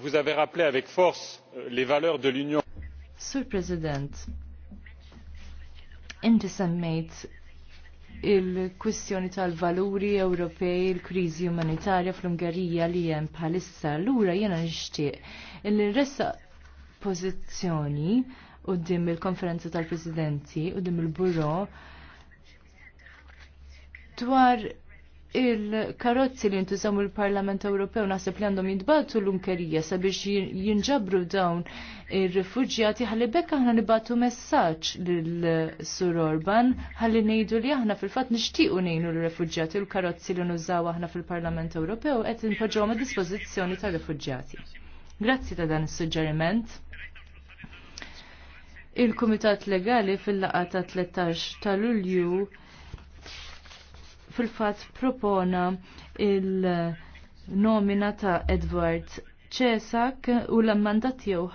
vous avez rappelé avec force euh, les valeurs de l'Union. Sur President, inti semmejt il-kwistjoni tal-valuri Ewropej, il-kriżi umanitarja fl-Ungarija li hemm bħalissa, lura jiena nixtieq il-ressa pożizzjoni qudiem il-konferenza tal-presidenti qudiem il-buro dwar il-karozzi li ntużaw il-Parlament Ewropew naħseb li għandhom jintbatu l-Unkerija sabiex jinġabru dawn ir-refuġjati ħalli bekk aħna nibatu messaġġ lil Sur Orban ħalli ngħidu li aħna fil-fatt nixtiequ ngħinu l-refuġjati l-karozzi li nużaw aħna fil-Parlament Ewropew qed inpoġġhom a dispożizzjoni tar-refuġjati. Grazzi ta' dan is-suġġeriment. Il-Kumitat Legali fil laqata ta' 13 ta' Lulju fil-fatt propona il-nomina ta' Edward Cesak u l-mandat jew